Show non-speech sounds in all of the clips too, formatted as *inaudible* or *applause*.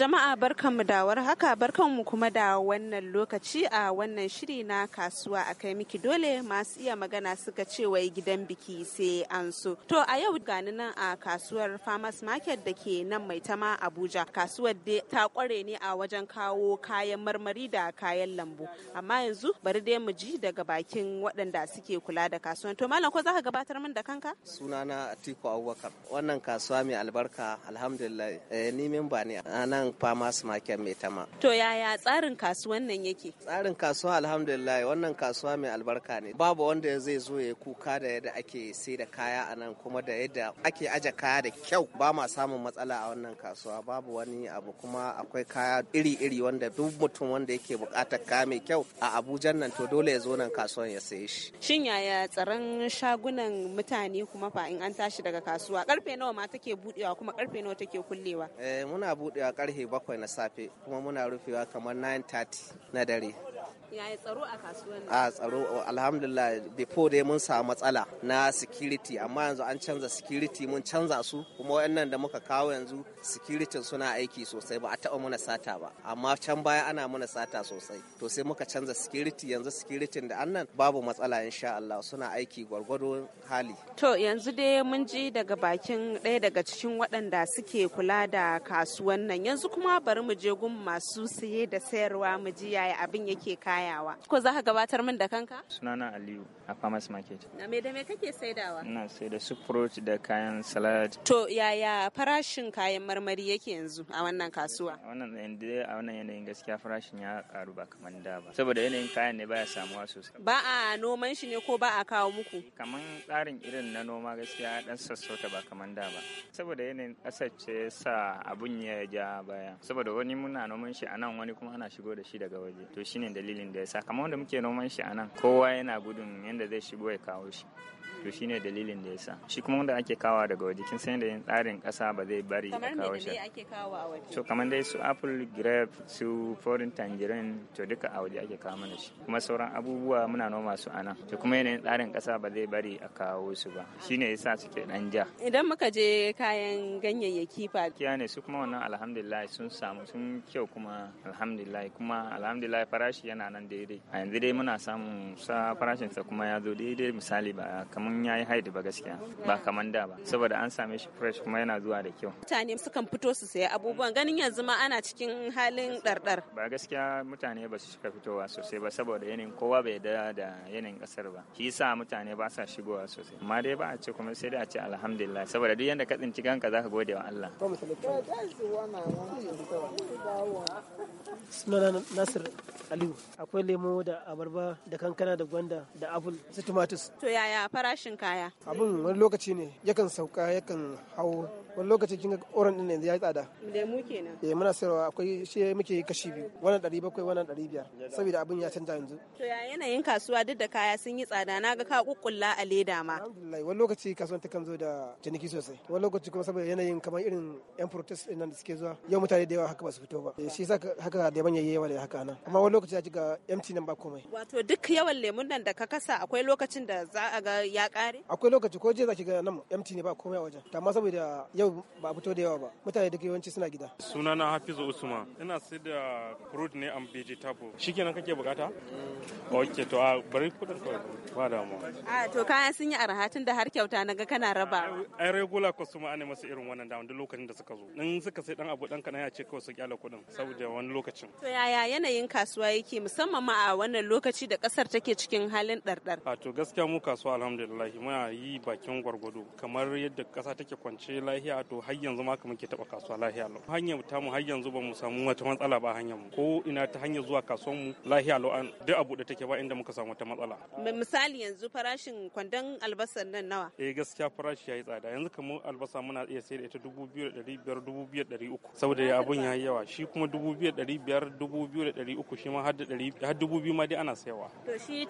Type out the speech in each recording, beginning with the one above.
Jama'a barkanmu da haka barkanmu kuma da wannan lokaci a wannan shiri na kasuwa a kai miki dole masu iya magana suka ce wai gidan biki sai an so. To a yau gani nan a kasuwar Farmers Market da ke nan mai tama Abuja. Kasuwar dai ta kware ne a wajen kawo kayan marmari da kayan lambu. Amma yanzu bari dai mu ji daga bakin waɗanda suke kula da kasuwan. To malam ko ka gabatar min da kanka? Sunana Atiku Abubakar. Wannan kasuwa mai albarka alhamdulillah. Eh, ni memba ne a Fama su market mai tama. To yaya tsarin kasuwan nan yake? Tsarin kasuwa alhamdulillah wannan kasuwa mai albarka ne. Babu wanda zai zo ya kuka da yadda ake sai da kaya a nan kuma da yadda ake aje kaya da kyau ba ma samun matsala a wannan kasuwa babu wani abu kuma akwai kaya iri-iri wanda duk mutum wanda yake bukatar kaya mai kyau a Abuja nan to dole ya zo nan kasuwan ya saye shi. Shin yaya tsaron shagunan mutane kuma fa in an tashi daga kasuwa karfe nawa ma take budewa kuma karfe nawa take kullewa? Eh muna budewa karfe karfe bakwai na safe kuma muna rufewa kamar 9:30 na dare yi tsaro a kasuwan A tsaro alhamdulillah before dai mun samu matsala na security amma yanzu an canza security mun canza su kuma wayannan da muka kawo yanzu security suna aiki sosai ba a taba mana sata ba amma can baya ana mana sata sosai to sai muka canza security yanzu security da annan babu matsala insha Allah suna aiki gwargwado hali. To yanzu dai mun ji daga bakin ɗaya daga cikin waɗanda suke kula da kasuwan nan yanzu kuma bari mu je gun masu siye da sayarwa mu ji yaya abin yake kaya rayawa. Ko za ka gabatar min da kanka? Sunana Aliyu a Farmers Market. Na me da me kake saidawa? Ina saida su fruit da kayan salad. To yaya farashin kayan marmari yake yanzu a wannan kasuwa? A wannan yanzu a wannan yanayin gaskiya farashin ya karu ba kamar da ba. Saboda yanayin kayan ne baya samuwa sosai. Ba a noman shi ne ko ba a kawo muku? Kamar tsarin irin na noma gaskiya dan sassauta ba kamar da ba. Saboda yanayin ƙasar ce sa abun ya ja baya. Saboda wani muna noman shi a nan wani kuma ana shigo da shi daga waje. To shine dalilin da ya sa kamar wanda muke noman shi a nan kowa yana gudun yadda zai shigo ya kawo shi to shine dalilin da yasa shi kuma wanda ake kawa daga waje kin san yadda tsarin kasa ba zai bari a kawo shi ake kawo a waje to kamar dai su apple grape su foreign tangerine to duka a waje ake kawo mana shi kuma sauran abubuwa muna noma su anan to kuma yanayin tsarin kasa ba zai bari a kawo su ba shine yasa suke dan ja idan muka je kayan ganyayyaki fa kiya ne su kuma wannan alhamdulillah sun samu sun kyau kuma alhamdulillah kuma alhamdulillah farashi yana nan daidai a yanzu dai muna samun sa farashinsa kuma ya zo daidai misali ba kamar mun yayi haidu ba gaskiya ba kaman da ba saboda an same shi fresh kuma yana zuwa da kyau mutane sukan fito su sayi abubuwan ganin yanzu ma ana cikin halin ɗarɗar ba gaskiya mutane ba su suka fitowa sosai ba saboda yanayin kowa bai da da yanayin kasar ba shi yasa mutane ba sa shigowa sosai amma dai ba a ce kuma sai dai a ce alhamdulillah saboda duk yanda ka tsinci kanka zaka gode wa Allah sunana Nasir Aliyu akwai lemo da abarba da kankana da gwanda da apple su tumatus to yaya farashi farashin kaya? Abin wani lokaci ne yakan sauka yakan hau wani lokaci kinga oran din yanzu ya yi tsada. Lemu kenan. Eh muna sayarwa akwai shi muke kashi biyu wannan ɗari bakwai wannan ɗari biyar saboda abin ya canja yanzu. To ya yanayin kasuwa duk da kaya sun yi tsada na ga ka kukkulla a leda ma. Alhamdulillah wani lokaci ta kan zo da ciniki sosai wani lokaci kuma saboda yanayin kamar irin yan protest din nan da suke zuwa yau mutane da yawa haka ba su fito ba. Eh, shi yasa haka da ban yayi yawa da haka nan amma wani lokaci ya ji ga empty nan ba komai. Wato duk yawan lemun nan da ka kasa akwai lokacin da za a ga ya kare akwai lokaci ko je zaki ga nan empty ne ba komai a wajen amma saboda yau ba a fito da yawa ba mutane duk yawanci suna gida Suna na Hafizu Usman ina saida da fruit ne am vegetable shikenan kake bukata okay to a bari kudin kawai ba damuwa a to kayan sun yi arha tun da har kyauta na ga kana raba ai regular customer ne masu irin wannan da wanda lokacin da suka zo in suka sai dan abu dan kana ya ce kawai su kyala kudin saboda wani lokacin to yaya yanayin kasuwa yake musamman ma a wannan lokaci da kasar take cikin halin dardar a to gaskiya mu kasuwa alhamdulillah wallahi muna yi bakin gwargwado kamar yadda ƙasa take kwance lahiya to har yanzu ma kamar ke taɓa kasuwa lahiya lau hanyar ta mu har yanzu ba mu samu wata matsala ba hanyar mu ko ina ta hanyar zuwa kasuwan mu lahiya lau an duk abu da take ba inda muka samu wata matsala misali yanzu farashin kwandon albasar nan nawa eh gaskiya farashi yayi tsada yanzu kamar albasa muna iya sayar da ita dubu biyu da ɗari biyar dubu biyu da ɗari uku saboda abun ya yi yawa shi kuma dubu biyu da ɗari biyar dubu biyu da ɗari uku shi ma har dubu biyu ma dai ana sayawa to shi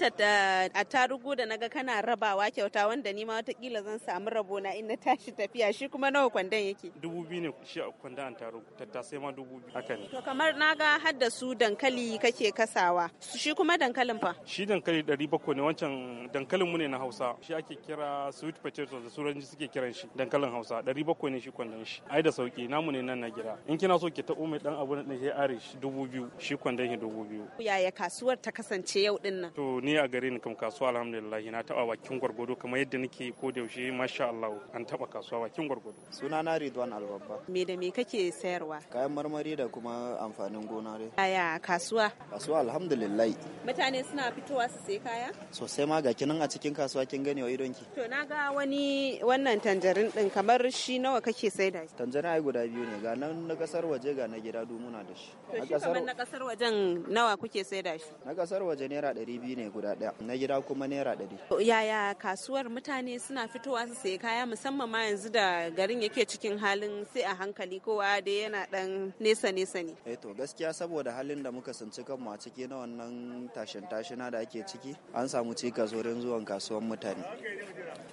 a tarugu da naga kana rabawa kyauta wanda ni ma watakila zan samu rabona in na tashi tafiya shi kuma nawa kwandon yake dubu biyu ne shi a kwandon an taro tattasai ma dubu biyu haka ne to kamar na ga har da su dankali kake kasawa shi kuma dankalin fa shi dankali ɗari bakwai ne wancan dankalin mu ne na hausa shi ake kira sweet potato da suranji suke kiran shi dankalin hausa ɗari bakwai ne shi kwandon shi ai da sauki namu ne nan na gida in kina so ki taɓo mai dan abu na ɗan arish dubu biyu shi kwandon shi dubu biyu yaya kasuwar ta kasance yau din nan to ni a gare ni kam kasuwa alhamdulillah na taɓa bakin gwargwado gwargwado kamar yadda nake ko da yaushe masha Allah an taba kasuwa bakin gwargwado na Ridwan Albabba me da me kake sayarwa kayan marmari da kuma amfanin gona dai aya kasuwa kasuwa alhamdulillah mutane suna fitowa su sayi kaya sosai ma ga kinin a cikin kasuwa kin gani wa idon to na ga wani wannan tanjarin din kamar shi nawa kake saida shi tanjarin ai guda biyu ne ga nan na kasar waje ga na gida muna da shi to shi kamar na kasar wajen nawa kuke saida shi na kasar waje naira 200 ne guda daya na gida kuma naira 100 yaya kasuwa kasuwar mutane suna fitowa su sayi kaya musamman ma yanzu da garin yake cikin halin sai a hankali kowa dai yana dan nesa nesa ne eh to gaskiya saboda halin da muka tsinci kanmu a ciki na wannan tashin tashina da ake ciki an samu cikas wurin zuwan kasuwar mutane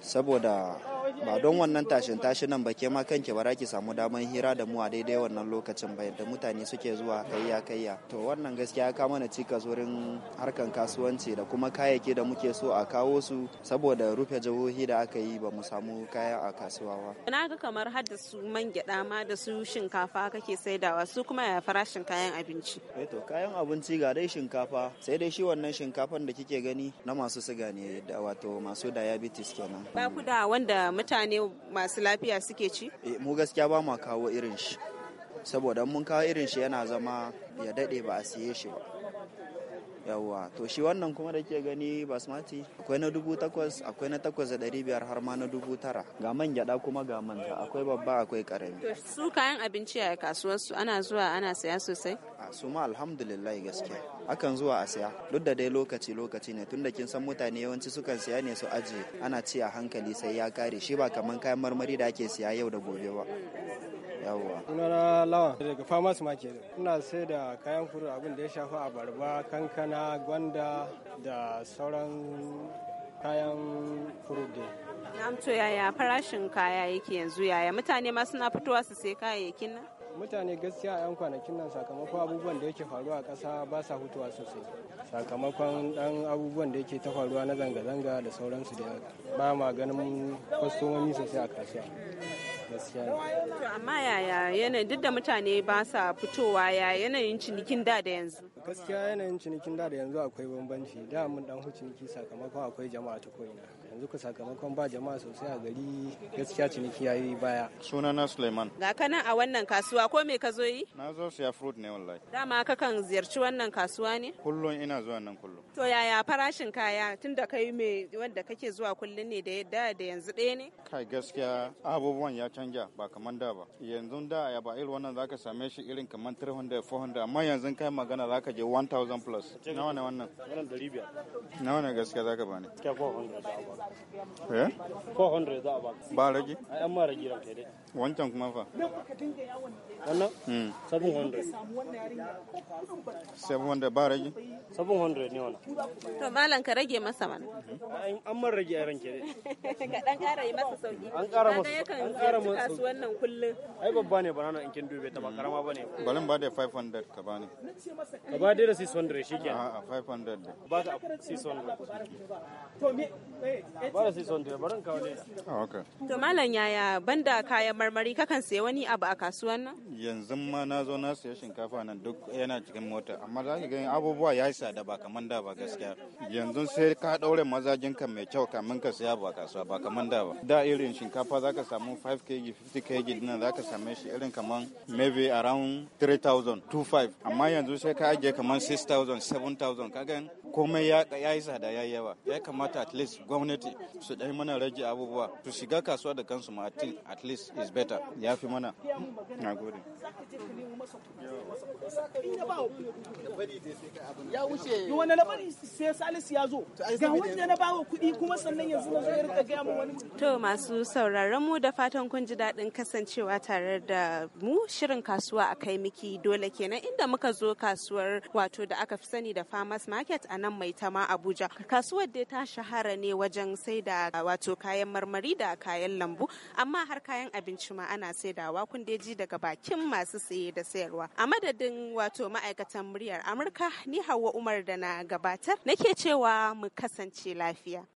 saboda ba don wannan tashin nan ba ke ma kanki ba ki samu daman hira da mu a daidai wannan lokacin ba yadda mutane suke zuwa kayya kayya to wannan gaskiya ya kama na cikas wurin harkan kasuwanci da kuma kayayyaki da muke so a kawo su saboda rufe jihohi da aka yi ba mu samu kaya a kasuwa ba na ga kamar hadda su man gyada ma da su shinkafa kake saidawa su kuma ya farashin kayan abinci eh to kayan abinci ga dai shinkafa sai dai shi wannan shinkafan da kike gani na masu siga ne wato masu diabetes kenan ba ku da wanda mutane masu lafiya suke ci? Eh, mu gaskiya ba mu kawo irin shi saboda mun kawo irin shi yana zama ya dade ba a siye shi ba yawwa to shi wannan kuma da ke gani basmati akwai na dubu takwas akwai na takwas da ɗari biyar har ma na dubu tara ga man gyaɗa kuma ga ta. akwai babba akwai ƙarami. su kayan abinci a kasuwar su ana zuwa ana saya sosai. a su ma alhamdulillah gaskiya akan zuwa a saya duk da dai lokaci lokaci ne tunda kin san mutane yawanci sukan saya ne su ajiye ana ci a hankali sai ya kare shi ba kaman kayan marmari da ake siya yau da gobe ba. yawwa daga farmers market ina sai da kayan furu abin da ya shafi abarba kankana gwanda da sauran kayan furut dai namto yaya farashin kaya yake yanzu yaya mutane ma suna fitowa su sai kayayyakin nan mutane gaskiya a yan kwanakin nan sakamakon abubuwan da yake faruwa a ƙasa ba sa hutuwa sosai sakamakon dan abubuwan da yake ta faruwa na zanga-zanga da sauransu da ba ma ganin kwastomomi sosai a kasuwa amma yaya yanayin duk da mutane ba sa fitowa ya yanayin cinikin da da yanzu gaskiya yanayin cinikin da da yanzu akwai bambanci da mun dan hu ciniki sakamakon akwai jama'a ta ko'ina yanzu ka sakamakon ba jama'a sosai a gari gaskiya ciniki ya yi baya sunana suleiman ga nan a wannan kasuwa ko me ka zo yi na zo siya fruit ne wallahi dama ka kan ziyarci wannan kasuwa ne kullum ina zuwa nan kullum to yaya farashin kaya tunda kai me wanda kake zuwa kullum ne da yadda da yanzu ɗaya ne kai gaskiya abubuwan ya canja ba kamar da ba yanzu da ya ba irin wannan zaka same shi irin kamar 300 400 amma yanzu kai magana zaka je 1000 plus nawa ne wannan wannan nawa ne gaskiya zaka bani eh 400 za a ba ba rage ai amma rage dai wancan kuma fa wannan 700 hmm. 700 ba rage 700 ne wannan to malam ka rage masa an rage a ranke dai ga *laughs* dan kara yi masa sauki an kara masa an kara masa ai babba ne in kin dube ta ba karama balin ba da 500 ka ka ba da 600 a'a 500 ba ta 600 to me eh, son ah, To malam yaya banda kayan marmari kakan siya wani abu a kasuwan nan? Yanzu ma na zo na siya shinkafa nan duk yana cikin mota amma za ki ga abubuwa ya isa da ba kaman da ba gaskiya. Yanzu sai ka daure mazajin ka mai kyau kamin ka siya ba kasuwa ba kaman da ba. Da irin shinkafa za ka samu 5 kg 50 kg nan za ka same shi irin kaman maybe around 3000 25 amma yanzu sai ka ajiye kaman 6000 7000 kaga komai ya ya isa da yayi yawa ya kamata at least gwamnati gwamnati su dai mana rage abubuwa su shiga kasuwa da kansu ma at least is better ya fi mana na gode ya wuce wanda na bawa kuɗi kuma sannan yanzu na zai rika gaya wani to masu sauraron mu da fatan kun ji daɗin kasancewa tare da mu shirin kasuwa a kai miki dole kenan inda muka zo kasuwar wato da aka fi sani da farmers market a nan mai tama abuja kasuwar dai ta shahara ne wajen sai da wato kayan marmari da kayan lambu amma har kayan abinci ma ana saidawa kundeji ji daga bakin masu saye da sayarwa a madadin madadin wato ma'aikatan muryar Amurka ni Hauwa Umar da na gabatar nake cewa mu kasance lafiya.